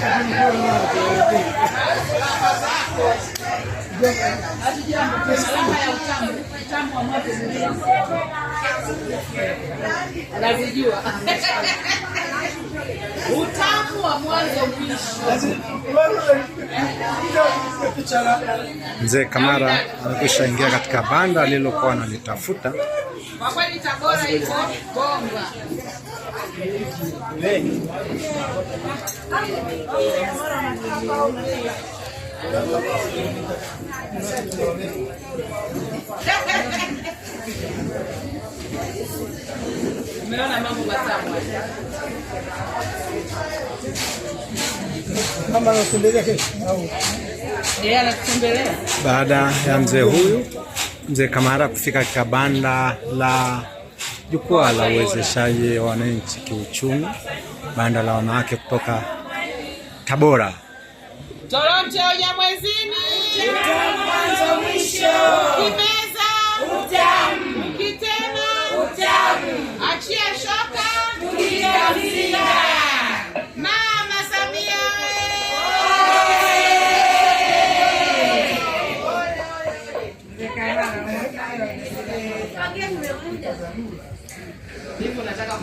Salama utamu wa mwanzo mwisho. Mzee Kamara amekwisha ingia katika banda alilokuwa analitafuta. Kwa kweli Tabora iko bomba. Umeona mambo matamu mama anatembelea kesho au yeye anatembelea. Baada ya mzee huyu mzee Kamara kufika katika banda la jukwaa la uwezeshaji wa wananchi kiuchumi, banda la wanawake kutoka Tabora. Toronto ya mwezini mwanzo mwisho, kimeza utamu, utamu Tuachie shoka, tulie Mama Samia Mimi nataka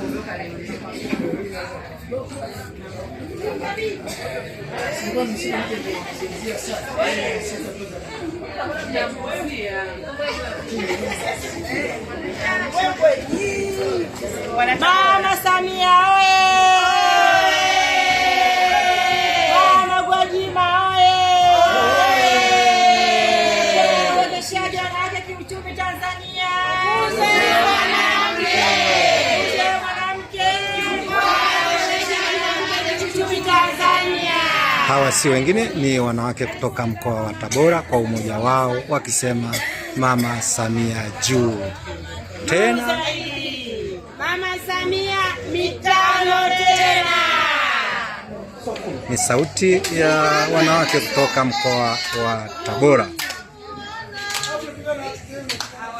Mama Samia oye! Mama Gwajima oye! Uwezeshaji wanawake kiuchumi Tanzania Hawa si wengine ni wanawake kutoka mkoa wa Tabora, kwa umoja wao wakisema mama Samia juu tena Mama Samia mitano tena. Ni sauti ya wanawake kutoka mkoa wa Tabora.